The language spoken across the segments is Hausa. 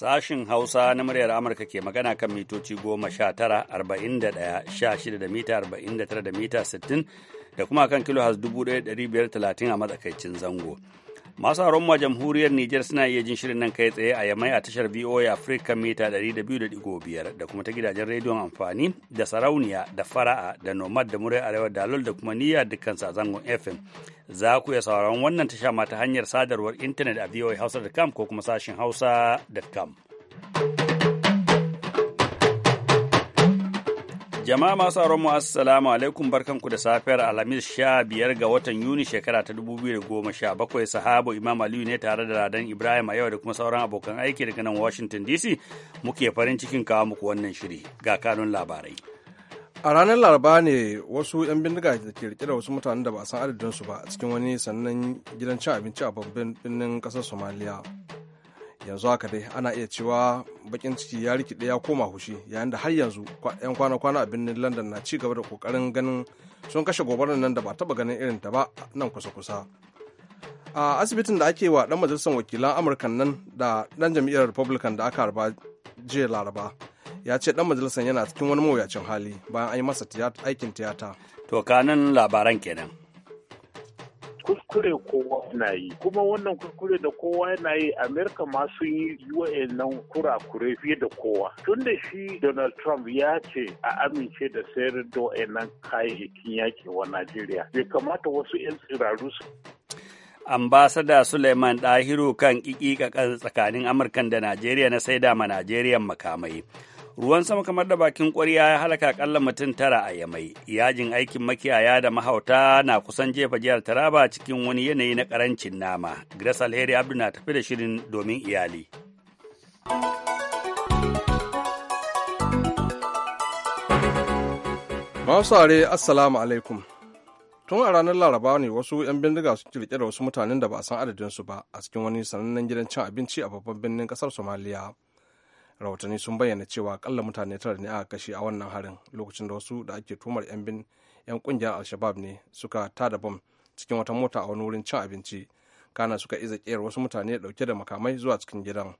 Sashin Hausa na muryar Amurka ke magana kan mitoci goma sha tara, arba'in da ɗaya, sha shida da mita, arba'in da tara da mita sittin da kuma kan kilo has dubu ɗaya dari biyar talatin a matsakaicin zango. masu haron ma jamhuriyar Nijar suna iya jin shirin nan kai tsaye a yamai a tashar VOA Africa mita 200.5 da kuma ta gidajen rediyon amfani da sarauniya da fara'a da nomad da murai arewa da lol da kuma niyya dukkan zangon FM. Za ku iya sauraron wannan tasha ma ta hanyar sadarwar intanet a voahausa.com ko kuma sashin hausa.com. Jama'a masu auren mu assalamu alaikum barkanku da safiyar Alhamis sha biyar ga watan Yuni shekara ta dubu biyu da goma sha bakwai sahabo Imam Aliyu ne tare da Ladan Ibrahim a yau da kuma sauran abokan aiki daga nan Washington DC muke farin cikin kawo muku wannan shiri ga kanun labarai. A ranar Laraba ne wasu 'yan bindiga da ke rike da wasu mutanen da ba a san adadinsu ba a cikin wani sannan gidan cin abinci a babban birnin ƙasar Somaliya. yanzu haka dai ana iya cewa bakin ciki ya rikide ya koma hushi yayin da har yanzu yan kwana-kwana a birnin london na ci gaba da kokarin ganin sun kashe gobarar nan da ba taba ganin irin ta ba nan kusa-kusa a asibitin da ake wa dan majalisar wakilan amurka nan da dan jam'iyyar republican da aka harba jiya laraba ya ce dan majalisar yana cikin wani mawuyacin hali bayan an yi masa aikin tiyata to kanan labaran kenan kuskure kowa na yi kuma wannan kuskure da kowa yana yi amerika ma sun yi wa'annan kurakure fiye da kowa tun da shi donald trump ya ce a amince da sayar da wa'annan kayayyakin yaƙi wa najeriya bai kamata wasu 'yan tsiraru su ambasada Suleiman Dahiru kan ƙiƙiƙa tsakanin Amurkan da Najeriya na saida ma Najeriyan makamai. ruwan sama kamar da bakin ƙwarya ya halaka akalla mutum tara a yamai yajin aikin makiyaya da mahauta na kusan jefa jihar taraba cikin wani yanayi na ƙarancin nama grace alheri abdu na tafi da shirin domin iyali masu are assalamu alaikum tun a ranar laraba ne wasu 'yan bindiga su rike da wasu mutanen da ba a san adadinsu ba a cikin wani sanannen gidan cin abinci a babban birnin ƙasar somaliya rahotanni sun bayyana cewa kalla mutane tara ne aka kashe a wannan harin lokacin da wasu da ake tumar 'yan bin 'yan kungiyar al-shabab ne suka tada bom cikin wata mota a wani wurin cin abinci kana suka iza kera wasu mutane dauke da makamai zuwa cikin gidan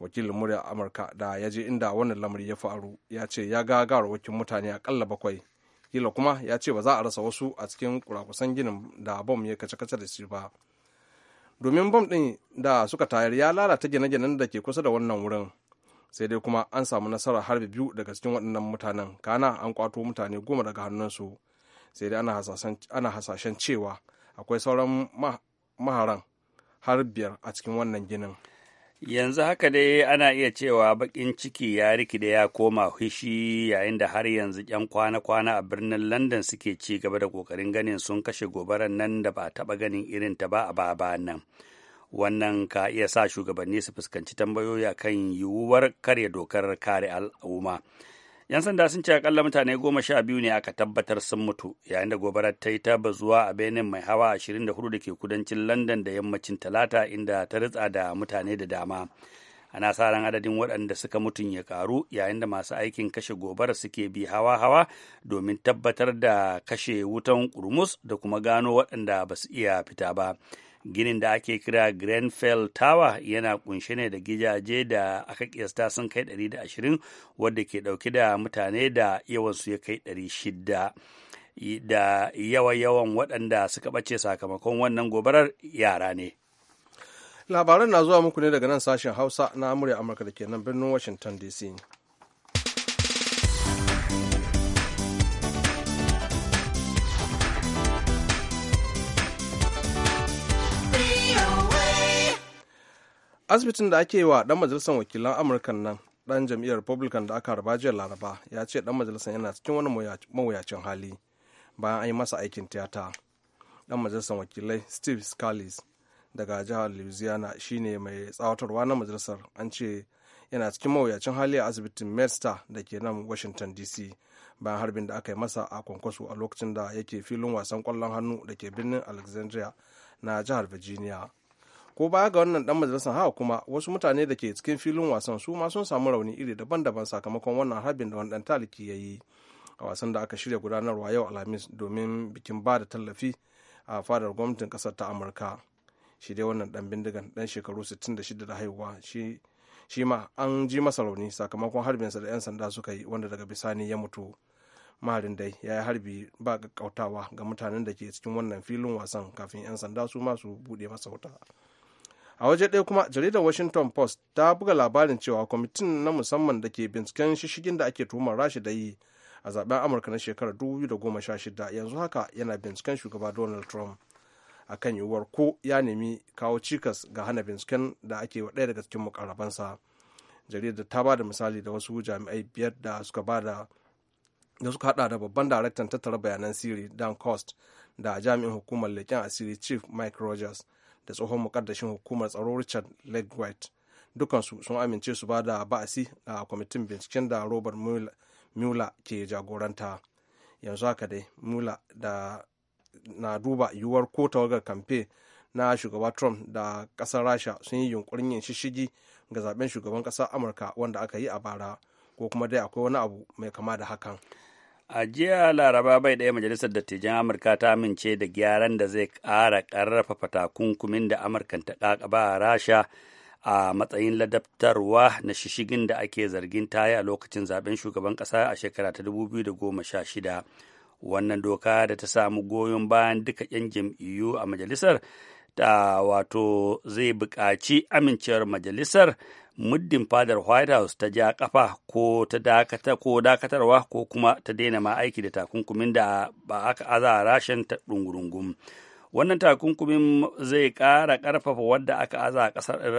wakilin murya amurka da ya je inda wannan lamari ya faru ya ce ya ga garawakin mutane akalla bakwai kila kuma ya ce ba za a rasa wasu a cikin kurakusan ginin da bom ya kace-kace da shi ba domin bom ɗin da suka tayar ya lalata gine-ginen da ke kusa da wannan wurin sai dai kuma an samu nasarar harbi biyu daga cikin waɗannan mutanen kana an kwato mutane goma daga hannunsu sai dai ana hasashen cewa akwai sauran maharan har biyar a cikin wannan ginin yanzu haka dai ana iya cewa bakin ciki ya rikide ya koma hushi yayin da har yanzu yan kwana-kwana a birnin london suke ci gaba da kokarin ganin sun kashe gobarar nan da ba taba ganin irin ta ba a baba nan wannan ka iya sa shugabanni su fuskanci tambayoyi a kan yiwuwar karya dokar kare al'umma yan sanda sun ce akalla mutane goma sha biyu ne aka tabbatar sun mutu yayin da gobarar ta yi ta bazuwa a benin mai hawa 24 da ke kudancin london da yammacin talata inda ta ritsa da mutane da dama ana sa ran adadin waɗanda suka mutun ya karu yayin da masu aikin kashe gobara suke bi hawa-hawa domin tabbatar da kashe wutan kurmus da kuma gano waɗanda ba su iya fita ba ginin da ake kira grenfell tower yana kunshe ne da gidaje da aka kiyasta sun kai 120 wadda ke dauke da mutane da yawansu ya kai 600 da yawa-yawan waɗanda suka ɓace sakamakon wannan gobarar yara ne labaran na zuwa muku ne daga nan sashen hausa na amurya amurka da ke nan birnin washington dc asibitin da ake yi wa dan majalisar wakilan amurka nan dan jam'iyyar republican da aka harba jiya laraba ya ce dan majalisar yana cikin wani mawuyacin hali bayan an yi masa aikin tiyata dan majalisar wakilai steve scalise daga jihar louisiana shine mai tsawatarwa na majalisar an ce yana cikin mawuyacin hali a asibitin medstar da ke nan washington dc bayan harbin da aka yi masa a kwankwaso a lokacin da yake filin wasan kwallon hannu da ke birnin alexandria na jihar virginia ko baya ga wannan dan majalisar haka kuma wasu mutane da ke cikin filin wasan su ma sun samu rauni iri daban-daban sakamakon wannan harbin da wani dan taliki ya yi a wasan da aka shirya gudanarwa yau alhamis domin bikin ba da tallafi a fadar gwamnatin kasar ta amurka shi dai wannan dan bindigan dan shekaru 66 da haihuwa shi ma an ji masa rauni sakamakon harbin sa da 'yan sanda suka yi wanda daga bisani ya mutu maharin dai ya yi harbi ba kautawa ga mutanen da ke cikin wannan filin wasan kafin 'yan sanda su masu buɗe masa wuta a waje ɗaya kuma jaridar washington post ta buga labarin cewa kwamitin na musamman da ke binciken shishigin da ake tuhumar rashi da yi a zaɓen amurka na shekarar 2016 yanzu haka yana binciken shugaba donald trump a kan yiwuwar ko ya nemi kawo cikas ga hana binciken da ake wa ɗaya daga cikin mukarabansa jaridar ta ba da misali da wasu jami'ai biyar da suka haɗa da da suka hada da babban daraktan tattara bayanan siri dan cost da jami'in hukumar leƙen asiri chief mike rogers da tsohon mukaddashin hukumar tsaro richard legwite dukansu sun amince su ba da ba'asi a kwamitin binciken da robert mueller ke jagoranta yanzu haka dai mueller da na duba yiwuwar ko tawagar kamfe na shugaba trump da kasar rasha sun yi yunkurin yin shishigi ga zaben shugaban kasar amurka wanda aka yi a bara ko kuma dai akwai wani abu mai kama da hakan a jiya laraba bai ɗaya majalisar dattijan amurka ta amince da gyaran da zai ƙara ƙarfafa takunkumin da amurkan ta ƙaƙaba a rasha a matsayin ladabtarwa na shishigin da ake zargin ta a lokacin zaben shugaban ƙasa a shekara ta 2016 wannan doka da ta samu goyon bayan duka 'yan jam'iyyu a majalisar da wato zai buƙaci amincewar majalisar muddin fadar white house ta ja kafa ko ta dakata ko dakatarwa ko kuma ta daina ma aiki da takunkumin da ba aka aza rashin ta wannan takunkumin zai ƙara ƙarfafa wadda aka aza a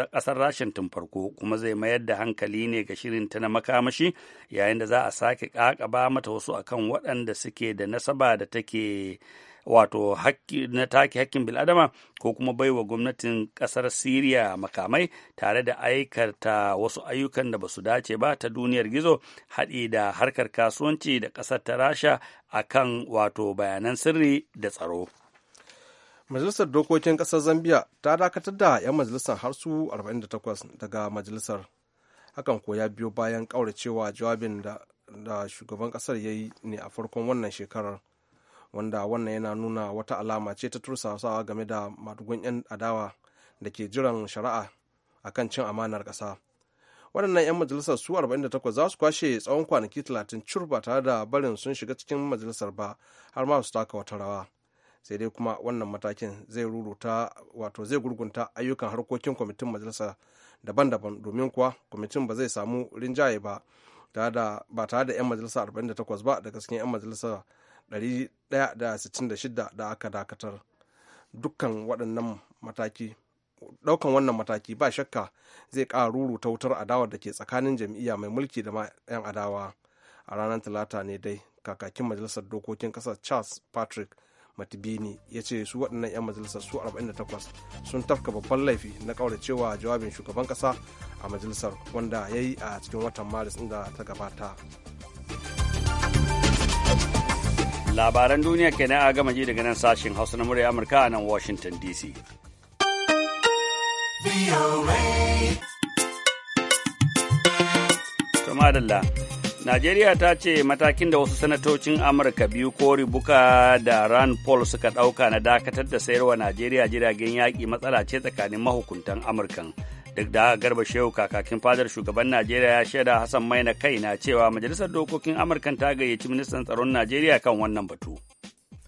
ƙasar rashin tun farko kuma zai mayar da hankali ne ga shirin ta na makamashi yayin da za a sake ƙaƙaba mata wasu akan waɗanda suke da nasaba da take wato na take hakkin bil'adama ko kuma baiwa gwamnatin ƙasar Siriya makamai tare da aikata wasu ayyukan da ba su dace ba ta duniyar gizo haɗi da harkar kasuwanci da ƙasar ta Rasha a kan wato bayanan sirri da tsaro. Majalisar Dokokin Ƙasar zambia ta dakatar da 'yan majalisar har su 48 daga majalisar. Hakan koya ya biyo bayan ƙauracewa jawabin da, da shugaban ƙasar ya yi ne a farkon wannan shekarar. wanda wannan yana nuna wata alama ce ta tursasawa game da madugun 'yan adawa da ke jiran shari'a a kan cin amanar kasa waɗannan 'yan majalisar su 48 za su kwashe tsawon kwanaki 30 cur ba tare da barin sun shiga cikin majalisar ba har ma su taka wata rawa sai dai kuma wannan matakin zai ruruta wato zai gurgunta ayyukan harkokin kwamitin majalisa daban-daban domin kuwa kwamitin ba zai samu rinjaye ba ba tare da 'yan majalisa 48 ba daga cikin 'yan majalisa 166 da aka dakatar dukkan waɗannan mataki ɗaukan wannan mataki ba shakka zai ƙara ruruta wutar adawar da ke tsakanin jam'iyya mai mulki da 'yan adawa a ranar talata ne dai kakakin majalisar dokokin ƙasar charles patrick matibini ya ce su waɗannan 'yan majalisar su 48 sun tafka babban laifi na cewa jawabin shugaban ƙasa a majalisar wanda ya yi a cikin watan maris inda ta gabata labaran duniya kenan a gama ji daga nan sashen hausa na murya amurka a nan washington dc madalla Najeriya ta ce matakin da wasu sanatocin Amurka biyu ko Buka da ran Paul suka ɗauka na dakatar da sayarwa Najeriya jiragen yaƙi matsala ce tsakanin mahukuntan Amurkan. duk da garba shehu kakakin fadar shugaban najeriya ya shaida hassan mai na kai na cewa majalisar dokokin amurkan ta gayyaci ministan tsaron najeriya kan wannan batu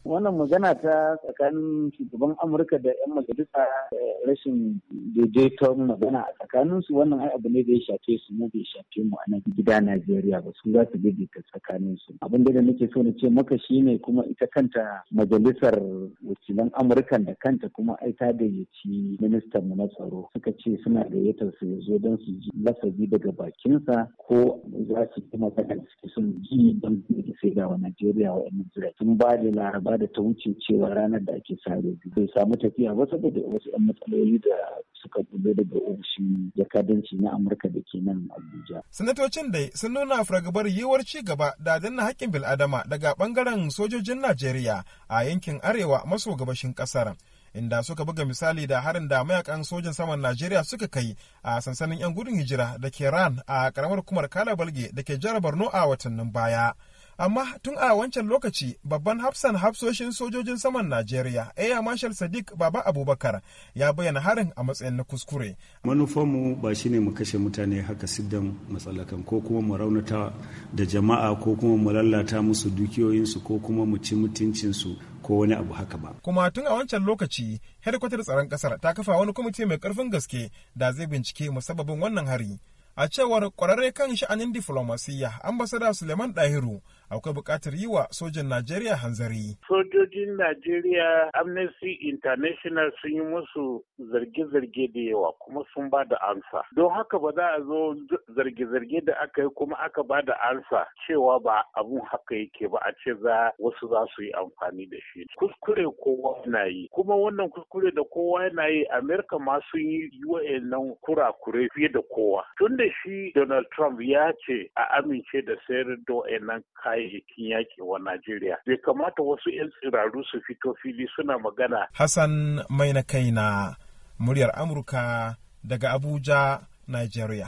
wannan magana ta tsakanin shugaban amurka da 'yan majalisa eh, rashin daidaiton magana a tsakaninsu wannan ai abu ne da ya shafe su mu bai shafe mu a nan gida najeriya ba su za su daidaita tsakanin su abin da nake so na ce maka shine kuma ita kanta majalisar wakilan Amurkan da kanta kuma ai ta gayyaci ministan mu na tsaro suka ce suna gayyatar su ya zo don su ji lafazi daga bakinsa ko za su yi magana da suke son ji don su sai ga wa najeriya wa'annan jira tun ba da laraba da ta wuce cewa ranar da ake sare bai samu tafiya ba saboda wasu 'yan matsaloli da suka kulle daga ofishin jakadanci na amurka da ke nan abuja sanatocin dai sun nuna fargabar yiwuwar ci gaba da danna haƙƙin bil'adama daga ɓangaren sojojin najeriya a yankin arewa maso gabashin ƙasar inda suka buga misali da harin da mayakan sojan saman Najeriya suka kai a sansanin 'yan gudun hijira da ke Ran a karamar kumar Kala Balge da ke jihar Borno a watannin baya. amma tun a wancan lokaci babban hafsan hafsoshin sojojin saman najeriya air marshal sadiq baba abubakar ya bayyana harin a matsayin na kuskure manufanmu ba shine mu kashe mutane haka siddan matsalakan ko kuma mu raunata da jama'a ko kuma mu lallata musu dukiyoyinsu ko kuma mu ci mutuncinsu ko wani abu haka ba. Kuma tun a wancan lokaci, hedkwatar tsaron kasar ta kafa wani kwamiti mai karfin gaske da zai bincike musababin wannan hari. A cewar kwararre kan sha'anin diflomasiyya, ambasada Suleiman Dahiru akwai buƙatar yi wa sojan Najeriya hanzari. Sojojin Najeriya Amnesty International sun yi musu zarge-zarge da yawa kuma sun ba da ansa. Don haka ba za a zo zarge-zarge da aka yi kuma aka ba da ansa cewa ba abun haka yake ba a ce za wasu za su yi amfani da shi. Kuskure kowa na yi. Kuma wannan kuskure da kowa yana yi Amerika ma sun yi wa'annan kurakure fiye da kowa. Tun da shi Donald Trump ya ce a amince da sayar da wa'annan kayan kayayyakin yaƙi wa Najeriya. Bai kamata wasu 'yan tsiraru su fito fili suna magana. Hassan mai na kai na muryar Amurka daga Abuja, Najeriya.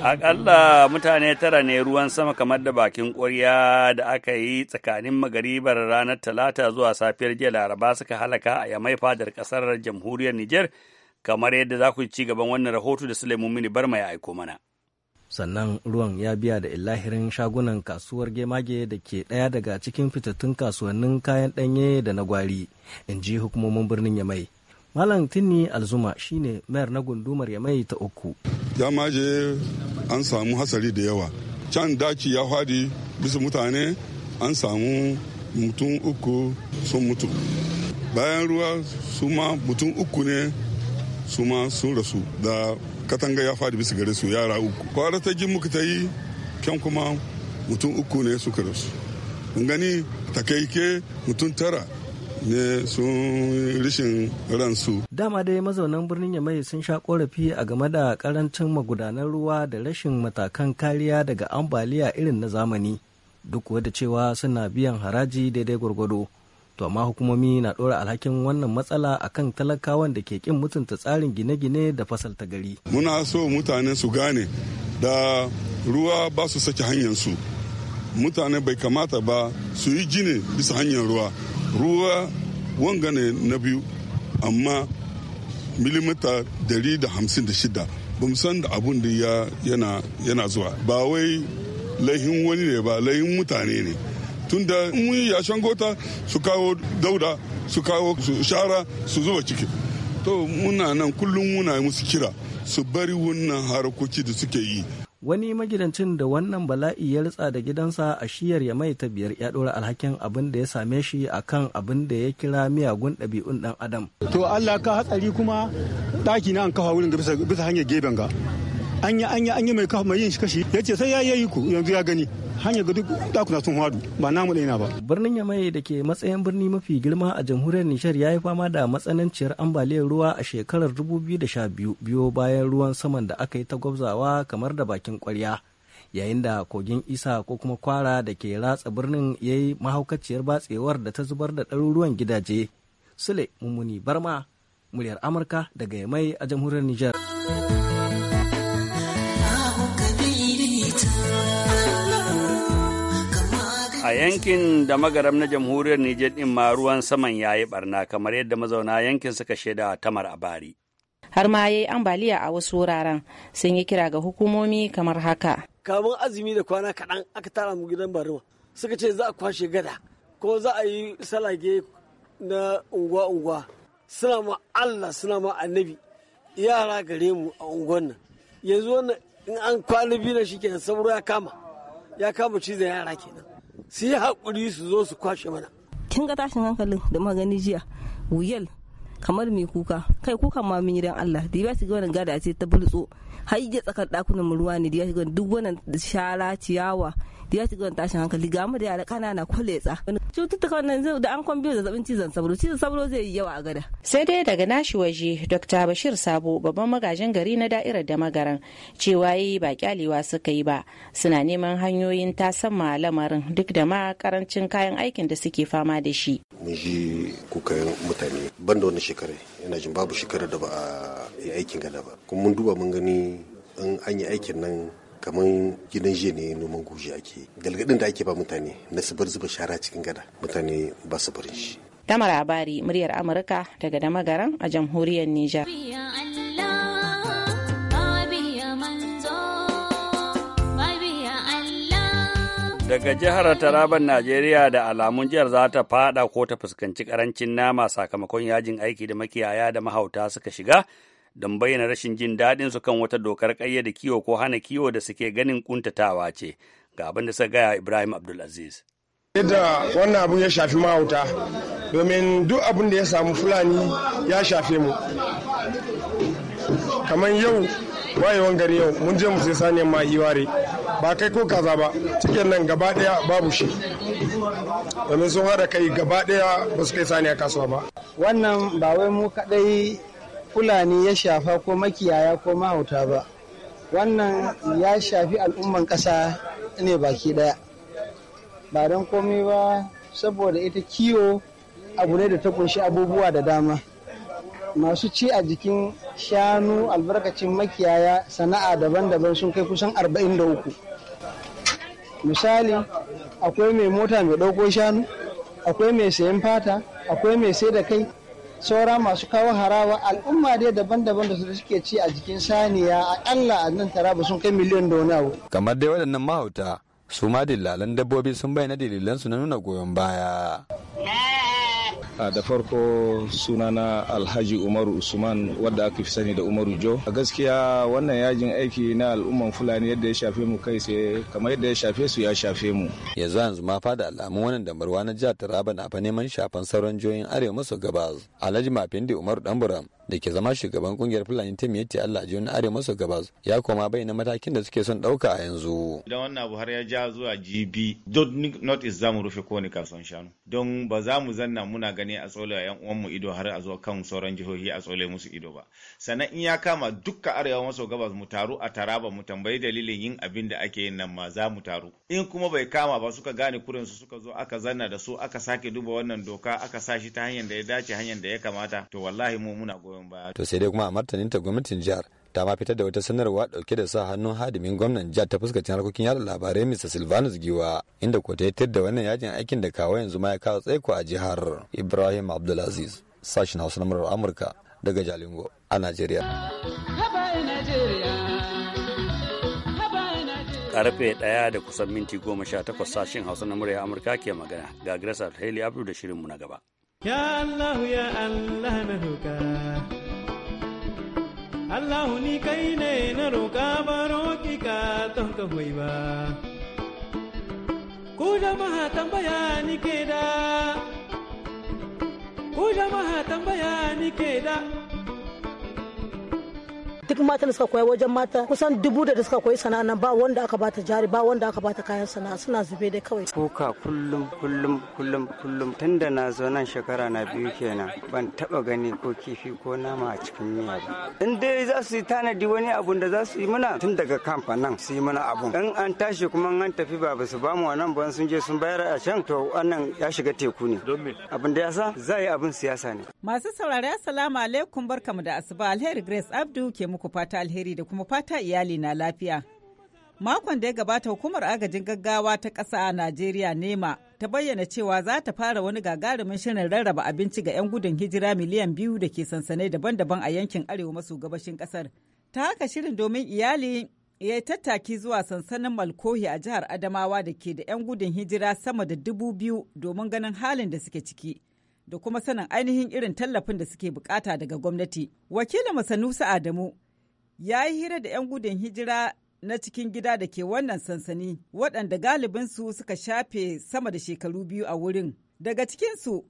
Aƙalla mutane tara ne ruwan sama kamar da bakin ƙwarya da aka yi tsakanin magaribar ranar Talata zuwa safiyar jiya Laraba suka halaka a yamai fadar ƙasar jamhuriyar Nijar. kamar yadda za ku ci gaban wannan rahoto da Sulaimun Mini Barma ya aiko mana. Sannan ruwan ya biya da illahirin shagunan kasuwar gemage da ke ɗaya daga cikin fitattun kasuwannin kayan ɗanye da na gwari, in ji hukumomin birnin Yamai. Malam Tinni Alzuma shine mayar na gundumar Yamai ta uku. ya maje an samu hasari da yawa. Can daki ya fadi bisa mutane an samu mutum uku sun mutu. Bayan ruwa su ma mutum uku ne su ma sun rasu da katanga ya faɗi bisa gare su yara uku kwara ta jin muka ta yi kyan kuma mutum uku ne suka rasu mun gani takaike mutum tara ne sun rishin ransu. Dama dai mazaunan birnin Yamai sun sha korafi a game da karancin magudanan ruwa da rashin matakan kariya daga ambaliya irin na zamani. Duk wadda cewa suna biyan haraji daidai gwargwado. to amma hukumomi na ɗora alhakin wannan matsala akan talakawan da ke kin mutunta tsarin gine-gine da fasalta gari muna so mutane su gane da ruwa ba su saki su mutane bai kamata ba su yi jini bisa hanyar ruwa ruwa wanga ne na biyu amma milimita dari da da ba mu san da abun da yana zuwa ba wai laihin wani ne ba laihin mutane ne tunda da mun yi yashen gota su kawo dauda su kawo shara su zuba ciki to muna nan kullum muna musu kira su bari wannan harkoki da suke yi wani magidancin da wannan bala'i ya ritsa da gidansa a shiyar ya mai ta biyar ya ɗora alhakin abin da ya same shi akan abin da ya kira miyagun ɗabi'un ɗan adam to allah ka hatsari kuma ɗaki na an kafa wurin bisa hanyar geben ga an yi mai kafa mai yin shi kashi ya ce sai ya yi ku yanzu ya gani hanyar ga duk dakuna sun hadu ba namu ɗaya ba. Birnin Yamai da ke matsayin birni mafi girma a jamhuriyar Nishar ya yi fama da matsananciyar ambaliyar ruwa a shekarar 2012 biyo bayan ruwan saman da aka yi ta gwabzawa kamar da bakin kwarya. Yayin da kogin isa ko kuma kwara da ke ratsa birnin ya yi mahaukaciyar batsewar da ta zubar da ɗaruruwan gidaje. Sule Mummuni Barma, muryar Amurka daga Yamai a jamhuriyar Nijar. a yankin da magaram na jamhuriyar Nijar ɗin ma ruwan saman ya yi barna kamar yadda mazauna yankin suka shaida tamar a bari. Har ma ya yi ambaliya a wasu wuraren sun yi kira ga hukumomi kamar haka. Kamun azumi da kwana kaɗan aka tara mu gidan barima suka ce za a kwashe gada ko za a yi salage na unguwa-unguwa suna ma Allah suna ma annabi yara gare mu a unguwan nan yanzu wannan in an kwana biyu na shi kenan sauro ya kama ya kama cizon yara kenan su yi haƙuri su zo su kwashe mana kin ga tashin hankalin da magani jiya wuyel kamar mai kuka kai kuka ma mun yi dan Allah da ya shiga wannan gada ce ta bulutso har ya tsakar dakunan ruwa ne da ya shiga duk wannan shara ciyawa ya ci tashin hankali ga mu da yara kanana kwaletsa cututtuka wannan da an kwan biyu zazzabin cizon sabro cizon sabro zai yi yawa a gada sai dai daga nashi waje dr bashir sabo babban magajin gari na da'irar da magaran cewa yi ba kyalewa suka yi ba suna neman hanyoyin ma lamarin duk da ma karancin kayan aikin da suke fama da shi mun ji kukan mutane ban da wani shekara yana jin babu shekarar da ba a yi aikin gada ba kuma mun duba mun gani in an yi aikin nan kamar gidan jiya ne noman guji ake galgadin da ake ba mutane na su bar zuba shara cikin gada mutane ba su barin shi tamara bari muryar amurka daga damagaran a jamhuriyar nijar daga jihar Taraban Najeriya da alamun jihar za ta fada ko ta fuskanci karancin nama sakamakon yajin aiki da makiyaya da mahauta suka shiga don bayyana rashin jin daɗinsu kan wata dokar ƙayyade kiwo ko hana kiwo da suke ganin ƙuntatawa ce ga abin da suka gaya Ibrahim Abdulaziz. yadda wannan abun ya shafi mahauta domin duk abin da ya samu fulani ya shafe mu kamar yau wayewan gari yau mun je mu sai saniyan ma iware ba kai ko kaza ba cikin nan gaba daya babu shi domin sun hada kai gaba daya ba su kai saniya kasuwa ba wannan ba wai mu kadai fulani ya shafa ko makiyaya ko mahauta ba wannan ya shafi al'umman ƙasa ne baki ɗaya ba don komai ba saboda ita kiwo abu ne da ta kunshi abubuwa da dama masu ci a jikin shanu albarkacin makiyaya sana'a daban-daban sun kai kusan 43 misali akwai mai mota mai ɗauko shanu akwai mai sayan fata akwai mai sai da kai saura masu kawo harawa al'umma dai daban-daban da suke ci a jikin saniya ƙalla a nan taraba sun kai miliyan da wani abu. kamar dai waɗannan mahauta su ma dillalan dabbobi sun bayyana dalilansu na nuna goyon baya. da farko sunana alhaji umaru usman wadda aka fi sani da umaru jo a gaskiya wannan yajin aiki na al'umman fulani yadda ya shafe mu kai sai kamar yadda ya shafe su ya shafe mu yanzu yanzu ma fa da alamu wannan damarwa na jihar taraba na fa neman shafan sauran jihohin arewa maso gabas alhaji mafindi umaru buram da ke zama shugaban kungiyar fulani ta miyatti allah jihohin arewa maso gabas ya koma bayyana matakin da suke son ɗauka a yanzu idan wannan abu har ya ja zuwa gb duk not is zamu rufe kowane kasuwan shanu don ba za mu zanna muna gani ne a tsole yan uwanmu ido har a zo kan sauran jihohi a tsole musu ido ba sannan in ya kama dukka arewa maso gabas mu taru a taraba mu tambayi dalilin yin abin da ake yin nan ma za mu taru in kuma bai kama ba suka gane kurin su suka zo aka zanna da su aka sake duba wannan doka aka sa shi ta hanyar da ya dace hanyar da ya kamata to wallahi mu muna goyon baya to sai dai kuma a martanin ta gwamnatin jihar ta ma fitar da wata sanarwa dauke da sa hannun hadimin gwamnan jihar ta fuskacin harkokin yada labarai Mr. Silvanus Giwa inda ko ta yi da wannan yajin aikin da kawo yanzu ma ya kawo tsaiko a jihar Ibrahim Abdulaziz sashin Hausa na murar Amurka daga Jalingo a Najeriya. Karfe ɗaya da kusan minti goma sha takwas sashen Hausa na murar Amurka ke magana ga Grace Alheli Abdu da shirinmu na gaba. Ya ya Allah na Allah ni kai ne na roƙa baro ki ka don ka hoyi ba. Ku jama'a tambaya ni ke da, ku jama'a tambaya ni ke da. duk mata da suka koya wajen mata kusan dubu da suka koyi sana'a nan ba wanda aka bata jari ba wanda aka bata kayan sana'a suna zube dai kawai kuka kullum kullum kullum kullum tunda na zo nan shekara na biyu kenan ban taba gani ko kifi ko nama a cikin miya ba in dai za su yi tanadi wani abun da za su yi mana tun daga nan su yi mana abun in an tashi kuma an tafi ba ba su ba mu wannan ba sun je sun bayar a can to wannan ya shiga teku ne abin da ya sa za yi abin siyasa ne masu saurari assalamu alaikum barkamu da asuba alheri grace abdu ke muku muku fata alheri da kuma fata iyali na lafiya. Makon da ya gabata hukumar agajin gaggawa ta ƙasa a Najeriya nema ta bayyana cewa za ta fara wani gagarumin shirin rarraba abinci ga 'yan gudun hijira miliyan biyu da ke sansanai daban-daban a yankin arewa maso gabashin ƙasar. Ta haka shirin domin iyali ya yi tattaki zuwa sansanin Malkohi a jihar Adamawa da ke da 'yan gudun hijira sama da dubu biyu domin ganin halin da suke ciki. da kuma sanin ainihin irin tallafin da suke bukata daga gwamnati. Wakilin Sanusi Adamu ya yi hira da 'yan gudun hijira na cikin gida da ke wannan sansani waɗanda galibinsu suka shafe sama da shekaru biyu a wurin. Daga cikinsu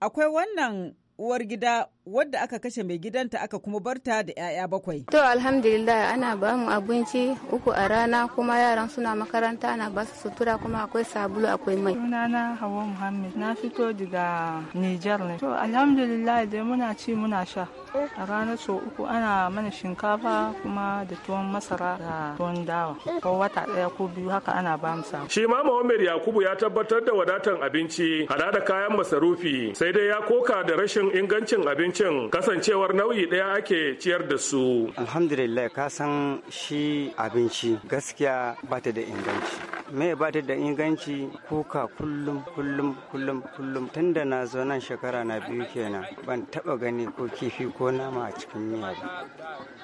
akwai wannan uwar gida wadda aka kashe mai gidanta aka kuma barta da 'ya'ya bakwai. To alhamdulillah ana ba mu abinci uku a rana kuma yaran suna makaranta ana ba su sutura kuma akwai sabulu akwai mai. na Hawa Muhammad na fito daga Nijar ne. To alhamdulillah dai muna ci muna sha. A ranar sau uku ana mana shinkafa kuma da tuwon masara da tuwon dawa. Ko wata ɗaya ko biyu haka ana ba mu samu. Shi ma Muhammad Yakubu ya tabbatar da wadatar abinci hada da kayan masarufi sai dai ya koka da rashin ingancin abinci abincin kasancewar nauyi ɗaya ake ciyar da su alhamdulillah ka san shi abinci gaskiya ba ta da inganci mai ba ta da inganci kuka kullum kullum kullum kullum tun da na zo nan shekara na biyu kenan ban taba gani ko kifi ko nama a cikin miya ba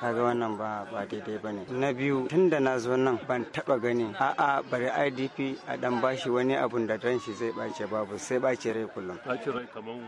kaga wannan ba ba daidai bane na biyu tun da na zo nan ban taba gani a'a bari IDP a dan bashi wani abun da dan shi zai bace babu sai bace rai kullum bace rai kaman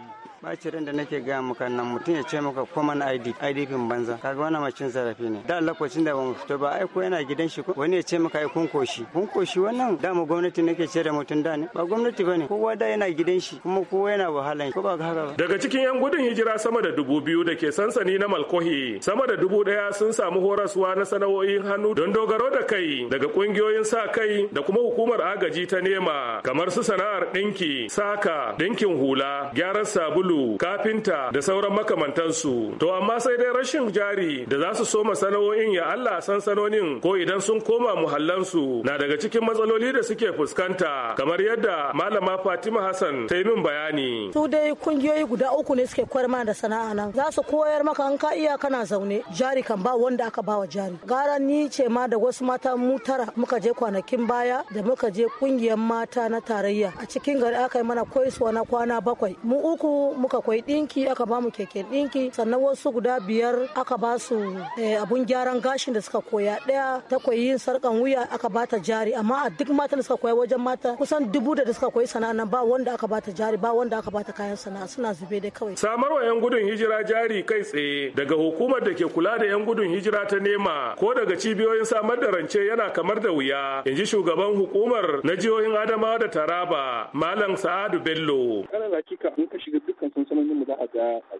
bace ran da nake ga maka nan mutun ya ce maka common ID IDP banza kaga wannan macin zarafi ne da lokacin da ban fito ba ai ko yana gidan shi wani ya ce maka ai kun koshi kun koshi wannan kan dama gwamnati nake ce da mutum da ne ba gwamnati bane kowa da yana gidan shi kuma kowa yana wahala ko ba haka ba daga cikin yan gudun hijira sama da dubu biyu da ke sansani na malkohi sama da dubu daya sun samu horaswa na sana'o'in hannu don dogaro da kai daga kungiyoyin sa kai da kuma hukumar agaji ta nema kamar su sana'ar ɗinki saka dinkin hula gyaran sabulu kafinta da sauran makamantansu to amma sai dai rashin jari da za su soma sana'o'in ya Allah sansanonin ko idan sun koma muhallansu na daga cikin matsaloli. matsaloli da suke fuskanta kamar yadda malama Fatima Hassan ta yi min bayani. Su dai kungiyoyi guda uku ne suke koyar mana da sana'a nan. Za su koyar maka an ka iya kana zaune jari kan ba wanda aka bawa jari. Gara ni ce ma da wasu mata mu tara muka je kwanakin baya da muka je kungiyar mata na tarayya a cikin gari aka yi mana a na kwana bakwai. Mu uku muka koyi dinki aka ba mu keken dinki sannan wasu guda biyar aka ba su eh, abun gyaran gashin da suka koya ɗaya ta koyi yin sarkan wuya aka ba ta jari amma duk mata da suka koya wajen mata kusan dubu da suka koyi sana'a nan ba wanda aka bata jari ba wanda aka bata kayan sana'a suna zube dai kawai samarwa yan gudun hijira jari kai tsaye daga hukumar da ke kula da yan gudun hijira ta nema ko daga cibiyoyin samar da rance yana kamar da wuya in ji shugaban hukumar na jihohin adamawa da taraba malam sa'adu bello kanan hakika in ka shiga dukkan sansanonin mu za a ga a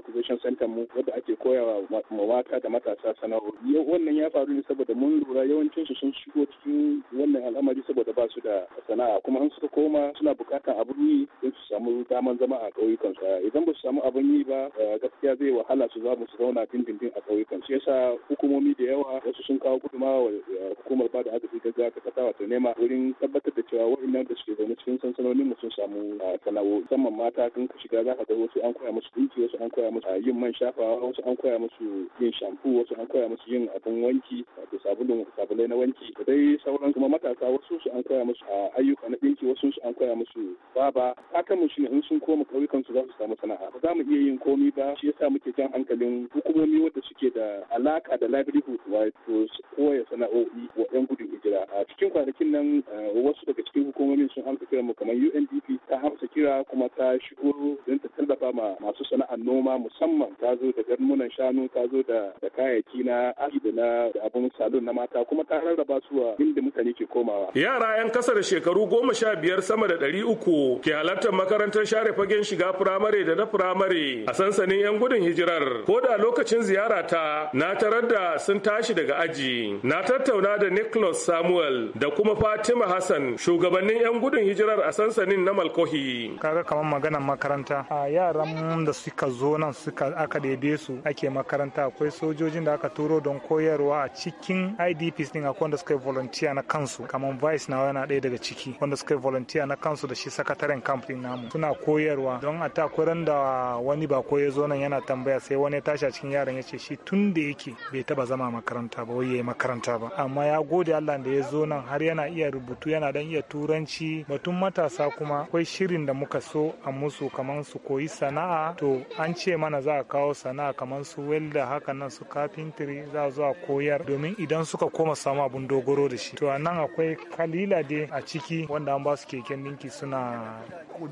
acquisition center mu wadda ake koyawa mawata da matasa sana'o'i wannan ya faru ne saboda mun lura yawancin su sun shigo cikin wannan al'amari saboda ba su da sana'a kuma in suka koma suna bukatan abin yi don su samu daman zama a ƙauyukan su idan ba su samu abun yi ba eh, gaskiya zai wahala su za mu su zauna dindindin a ƙauyukan su yasa hukumomi da yawa wasu sun kawo gudunmawa wa eh, hukumar ba da agaji ta ta kasa wato nema wurin tabbatar da cewa wa'annan da suke zaune cikin sansanonin mu sun samu eh, sana'o musamman mata kan ka shiga za ka ga wasu an koya musu dinki wasu an koya musu yin man shafawa wasu an koya musu yin shamfu wasu an koya musu yin abin wanki wato sabulun sabulai na wanki da dai sauran kuma matasa ayyuka wasu su an koya musu a ayyuka na ɗinki wasu su an koya musu baba fatan mu shine in sun koma ƙauyukan su za su samu sana'a ba za mu iya yin komi ba shi yasa muke jan hankalin hukumomi wadda suke da alaka da livelihood wato koya sana'o'i wa 'yan gudun hijira a cikin kwanakin nan eh, wasu daga cikin hukumomin sun amsa kira mu kamar UNDP ta amsa kira kuma ta shigo don ta tallafa ma masu sana'ar noma musamman ta zo da garmunan shanu ta zo da kayayyaki na aji da na abun salon na mata kuma ta rarraba su wa inda mutane ke koma Yara 'yan kasa da shekaru goma sha biyar sama da ɗari uku ke halartar makarantar share fagen shiga firamare da na firamare a sansanin 'yan gudun hijirar. Ko da lokacin ziyara ta na tarar da sun tashi daga aji. Na tattauna da Nicholas Samuel da kuma Fatima Hassan shugabannin 'yan gudun hijirar a sansanin na Malkohi. Kaga kamar maganar makaranta a yaran da suka zo nan suka aka daidai su ake makaranta akwai sojojin da aka turo don koyarwa a cikin IDPs din akwai wanda suka yi volunteer na kansu kamar vice na yana ɗaya daga ciki wanda suka yi volunteer na kansu da shi sakataren camp din namu suna koyarwa don a takuran da wani ba ya zo nan yana tambaya sai wani ya tashi a cikin yaran ya ce shi tun da yake bai taba zama makaranta ba wai ya makaranta ba amma ya gode Allah da ya zo nan har yana iya rubutu yana dan iya turanci batun matasa kuma akwai shirin da muka so a musu kamar su koyi sana'a to an ce mana za a kawo sana'a kamar su welda haka nan su carpentry za a zo a koyar domin idan suka koma samu abun dogoro da shi to a nan akwai kalila da a ciki wanda an ba su keken dinki suna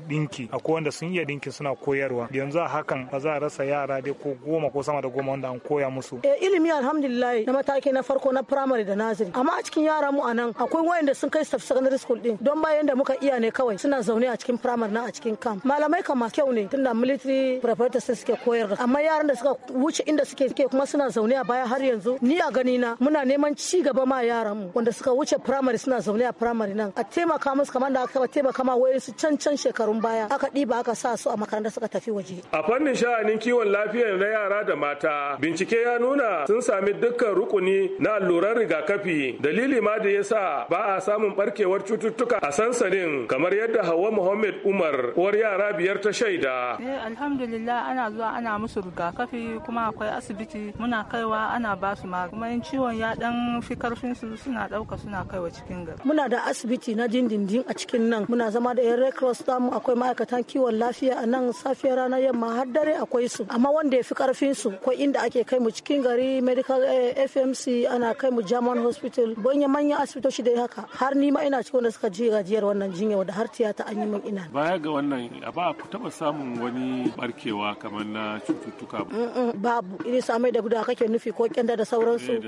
dinki akwai wanda sun iya dinki suna koyarwa yanzu a hakan ba za a rasa yara dai ko goma ko sama da goma wanda an koya musu eh ilimi alhamdulillah na mataki na farko na primary da nursery amma a cikin yara mu anan akwai wayanda sun kai staff secondary school din don bayan da muka iya ne kawai suna zaune a cikin primary na a cikin camp malamai kan kyau ne tunda military sai suke koyar da amma yaran da suka wuce inda suke kuma suna zaune a baya har yanzu ni a gani na muna neman ci gaba ma yaran mu wanda suka wuce primary suna zaune a firamare nan a taimaka musu kamar da aka taimaka ma wayoyin su can can shekarun baya aka ɗiba aka sa su a makaranta suka tafi waje. A fannin sha'anin kiwon lafiya na yara da mata bincike ya nuna sun sami dukkan rukuni na alluran rigakafi dalili ma da ya sa ba a samun barkewar cututtuka a sansanin kamar yadda Hauwa Muhammad Umar uwar yara biyar ta shaida. Eh, alhamdulillah ana zuwa ana musu rigakafi kuma akwai asibiti muna kaiwa ana basu su kuma in ciwon ya dan fi karfin su suna ɗauka suna kaiwa cikin cikin muna da asibiti na dindindin a cikin nan muna zama da yan red cross mu akwai ma'aikatan kiwon lafiya a nan safiyar rana yamma har dare akwai su amma wanda ya fi karfin su akwai inda ake kai mu cikin gari medical eh, fmc ana kai mu german hospital banya manyan asibitoci dai haka har ni ma ina cikin da suka ji gajiyar wannan jinya wadda har tiyata an yi min ina baya ga wannan a ba ku taba samun wani barkewa kamar na cututtuka ba babu irin mai da guda kake nufi ko kenda eh, da sauransu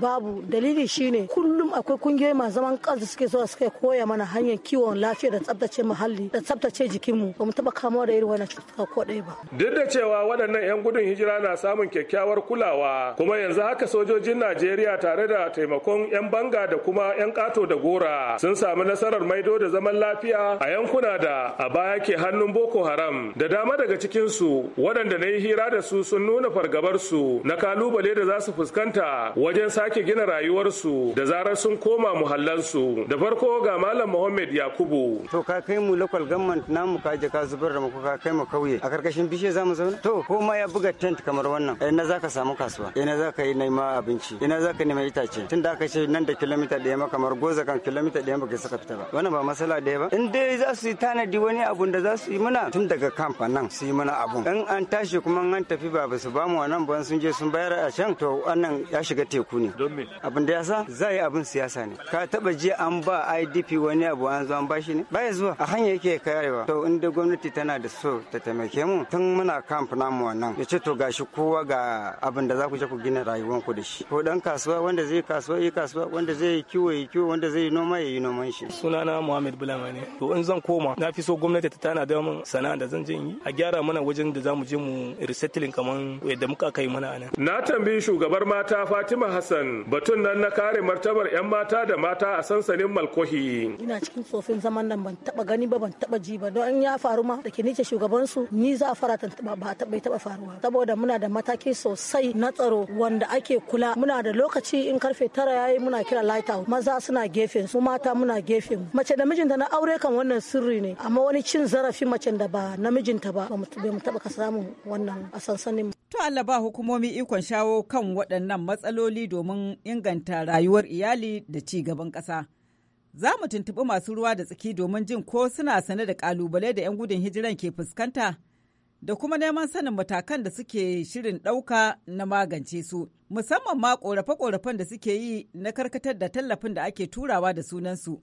babu dalili shine kullum akwai kungiyoyi masu zaman kansu suke so suke koya mana hanyar kiwon lafiya da tsabtace muhalli da tsabtace jikinmu ba mu taba kamuwa da irin wannan cutuka ko ɗaya ba. Duk da cewa waɗannan 'yan gudun hijira na samun kyakkyawar kulawa kuma yanzu haka sojojin Najeriya tare da taimakon 'yan banga da kuma 'yan ƙato da gora sun samu nasarar maido da zaman lafiya a yankuna da a baya ke hannun Boko Haram da dama daga cikinsu waɗanda na yi hira da su sun nuna fargabarsu na kalubale da za su fuskanta wajen sake gina rayuwarsu da zarar sun koma muhalli kallonsu da farko ga malam muhammad yakubu to ka kai mu local government namu ka je ka zubar da muku ka kai mu kauye a karkashin bishe za mu zauna to ko ma ya buga tent kamar wannan ina za ka samu kasuwa ina za ka yi nema abinci ina za ka nema itace tun da aka ce nan da kilomita ɗaya ma kamar goza kan kilomita ɗaya ba kai saka fita ba wannan ba masala ɗaya ba in dai za su yi tanadi wani abun da za su yi mana tun daga camp nan su yi mana abun in an tashi kuma an tafi ba ba su ba mu wannan ba sun je sun bayar a can to wannan ya shiga teku ne abin da ya sa za yi abin siyasa ne ka taba je an ba idp wani abu an zo an bashi ne baya zuwa a hanya yake karewa to inda gwamnati tana da so ta taimake mu tun muna kamp namu wannan ya ce to gashi kowa ga abin da za ku je ku gina ku da shi ko dan kasuwa wanda zai kasuwa yi kasuwa wanda zai kiwo yi kiwo wanda zai noma yi noman shi sunana muhammad bulama ne to in zan koma na fi so gwamnati ta tana da mun sana'a da zan je yi a gyara mana wajen da zamu je mu resettling kaman yadda muka kai mana anan na tambayi shugabar mata fatima hassan batun nan na kare martabar yan mata da mata ta a sansanin malkohi ina cikin tsofin zaman nan ban taba gani ba ban taba ji ba don in ya faru ma da ke nice shugaban su ni za a fara tantaba ba ta bai taba faruwa saboda muna da mataki sosai na tsaro wanda ake kula muna da lokaci in karfe tara yayi muna kira light out maza suna gefen su mata muna gefen mace da mijinta na aure kan wannan sirri ne amma wani cin zarafi mace da ba namijinta ba ba mu taba ka samu wannan a sansanin to Allah ba hukumomi ikon shawo kan waɗannan matsaloli domin inganta rayuwar iyali da ci gaban ƙasa. Za mu tuntuɓi masu ruwa da tsaki domin jin ko suna sane da ƙalubale da 'yan gudun hijiran ke fuskanta da kuma neman sanin matakan da suke shirin ɗauka na magance su. Musamman ma ƙorafe-ƙorafen da suke yi na karkatar da tallafin da ake turawa da sunansu.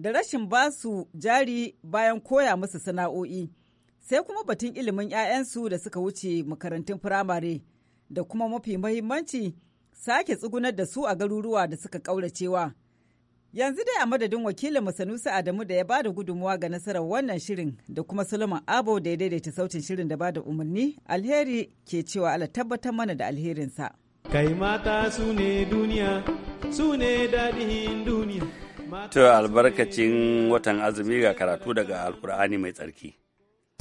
Da rashin ba su jari bayan koya musu sana'o'i. sai kuma batun ilimin 'ya'yansu da suka wuce makarantun firamare da kuma mafi mahimmanci sake tsugunar da su a garuruwa da suka ƙauracewa Yanzu dai a madadin wakilin Sanusi Adamu da ya bada gudunmuwa ga nasarar wannan shirin da kuma Solomon Abo da ya daidaita sautin shirin da bada umarni, alheri ke cewa ala tabbatar mana da alherinsa. Kai mata su ne duniya, su ne daɗin duniya. To albarkacin watan azumi ga karatu daga Alkur'ani mai tsarki.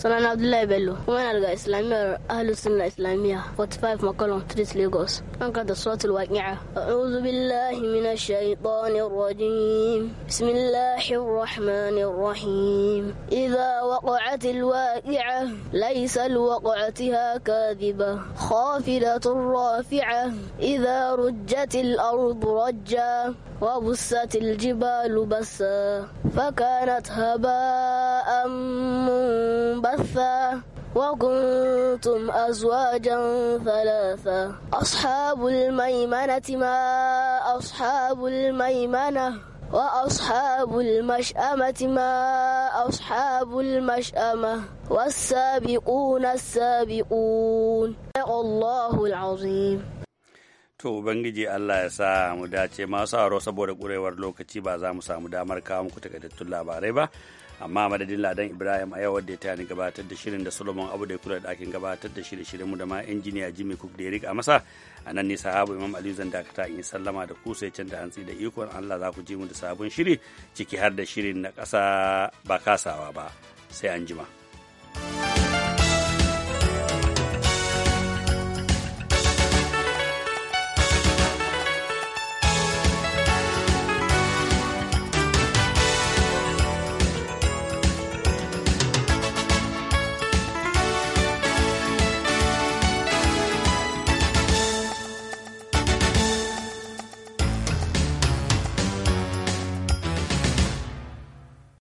سلام عبد الله بلو وين ألقى إسلامية اهل السنه الاسلاميه 45 مكالون تريس ليغوس انا قاعد الصوت الواقعه اعوذ بالله من الشيطان الرجيم بسم الله الرحمن الرحيم اذا وقعت الواقعه ليس لوقعتها كاذبه خافلة رافعه اذا رجت الارض رجا وبست الجبال بسا فكانت هباء بثا وكنتم أزواجا ثلاثا أصحاب الميمنة ما أصحاب الميمنة وأصحاب المشأمة ما أصحاب المشأمة والسابقون السابقون الله العظيم To Ubangiji Allah ya sa mu dace masu aro saboda ƙurewar lokaci ba za mu samu damar kawo muku takaitattun labarai ba. amma madadin ladan ibrahim a yau da ya tayani gabatar da shirin da solomon abu da kula da ɗakin gabatar da shirye shirin mu da ma injiniya jimmy cook da ya rika masa a nan ne sahabu imam aliyu zan dakata in sallama da ku sai can da hantsi da ikon allah za ku ji mu da sabon shiri ciki har da shirin na ƙasa ba kasawa ba sai an jima.